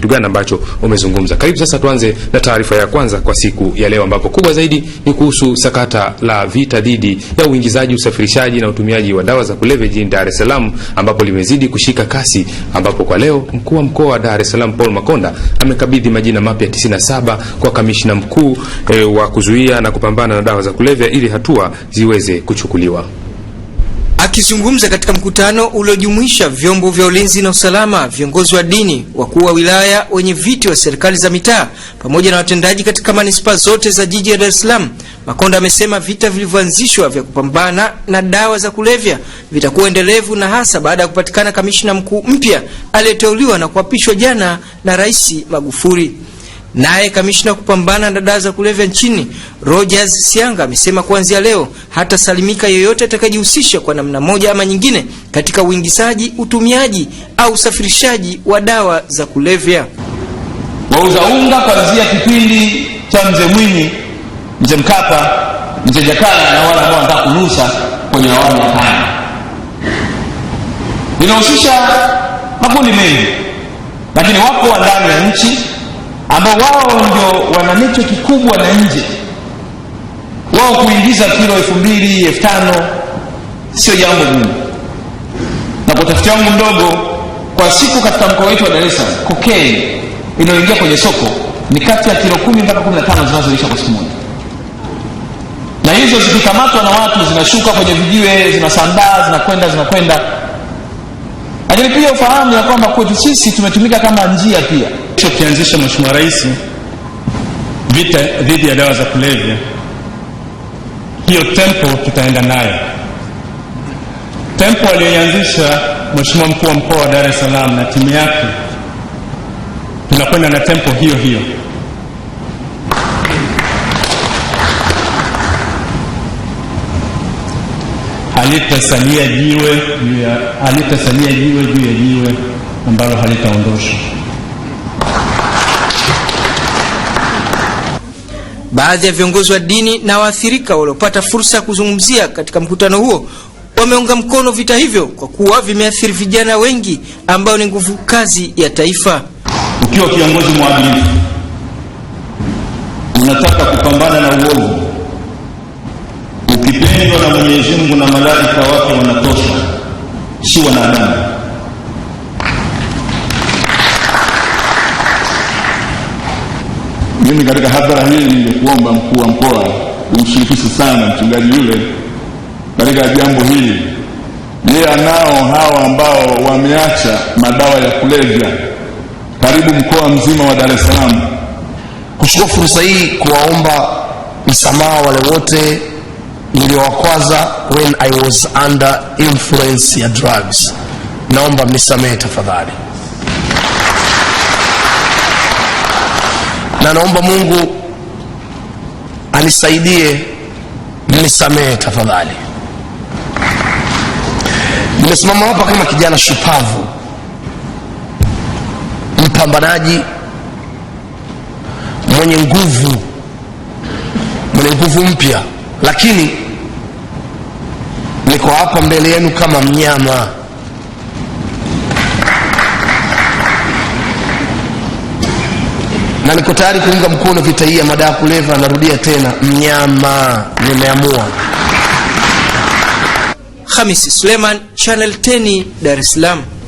kitu gani ambacho umezungumza. Karibu sasa, tuanze na taarifa ya kwanza kwa siku ya leo, ambapo kubwa zaidi ni kuhusu sakata la vita dhidi ya uingizaji, usafirishaji na utumiaji wa dawa za kulevya jijini Dar es Salaam, ambapo limezidi kushika kasi, ambapo kwa leo mkuu wa mkoa wa Dar es Salaam Paul Makonda amekabidhi majina mapya 97 kwa kamishina mkuu e, wa kuzuia na kupambana na dawa za kulevya ili hatua ziweze kuchukuliwa. Akizungumza katika mkutano uliojumuisha vyombo vya ulinzi na usalama, viongozi wa dini, wakuu wa wilaya, wenye viti wa serikali za mitaa pamoja na watendaji katika manispaa zote za jiji la Dar es Salaam, Makonda amesema vita vilivyoanzishwa vya kupambana na dawa za kulevya vitakuwa endelevu na hasa baada ya kupatikana kamishina mkuu mpya aliyeteuliwa na kuapishwa jana na Rais Magufuli. Naye kamishna kupambana na dawa za kulevya nchini Rogers Sianga amesema kuanzia leo hata salimika yoyote atakayejihusisha kwa namna moja ama nyingine katika uingizaji, utumiaji au usafirishaji wa dawa za kulevya. Wauza unga kuanzia kipindi cha mzee Mwinyi, mzee Mkapa, mzee Jakaya na wale ambao wanataka kunusa kwenye awamu ya tano inahusisha makundi mengi, lakini wako wa ndani ya nchi ambao wao ndio wana nicho kikubwa na nje. Wao kuingiza kilo elfu mbili elfu tano sio jambo gumu, na kwa utafiti wangu mdogo, kwa siku katika mkoa wetu wa Dar es Salaam inayoingia kwenye soko ni kati ya kilo kumi mpaka kumi na tano zinazoisha kwa siku moja, na hizo zikikamatwa na watu zinashuka kwenye vijiwe, zinasambaa, zinakwenda zinakwenda lakini pia ufahamu ya kwamba kwetu sisi tumetumika kama njia pia. Kianzisha Mheshimiwa Rais vita dhidi ya dawa za kulevya, hiyo tempo tutaenda nayo. Tempo aliyoianzisha mweshimua mkuu wa mkoa wa Dar es Salaam na timu yake, tunakwenda na tempo hiyo hiyo. halitasalia jiwe halitasalia jiwe juu ya jiwe ambalo halitaondoshwa. Baadhi ya viongozi wa dini na waathirika waliopata fursa ya kuzungumzia katika mkutano huo wameunga mkono vita hivyo kwa kuwa vimeathiri vijana wengi ambao ni nguvu kazi ya taifa. Ukiwa kiongozi mwadilifu, unataka kupambana na uovu wamependwa na Mwenyezi Mungu na malaika wake wanatosha, si wanadamu. Mimi katika hadhara hii ningekuomba mkuu wa mkoa umshirikishe sana mchungaji yule katika jambo hili. Yeye anao hawa ambao wameacha madawa ya kulevya karibu mkoa mzima wa Dar es Salaam. Kuchukua fursa hii kuwaomba msamaha wale wote niliwakwaza when i was under influence ya drugs naomba mnisamehe tafadhali na naomba mungu anisaidie mnisamehe tafadhali nimesimama hapa kama kijana shupavu mpambanaji mwenye nguvu mwenye nguvu mpya lakini niko hapa mbele yenu kama mnyama. na niko tayari kuunga mkono vita hii ya madaa kuleva Narudia tena, mnyama. Nimeamua. Hamisi Suleiman, chanel teni Dar es Salaam.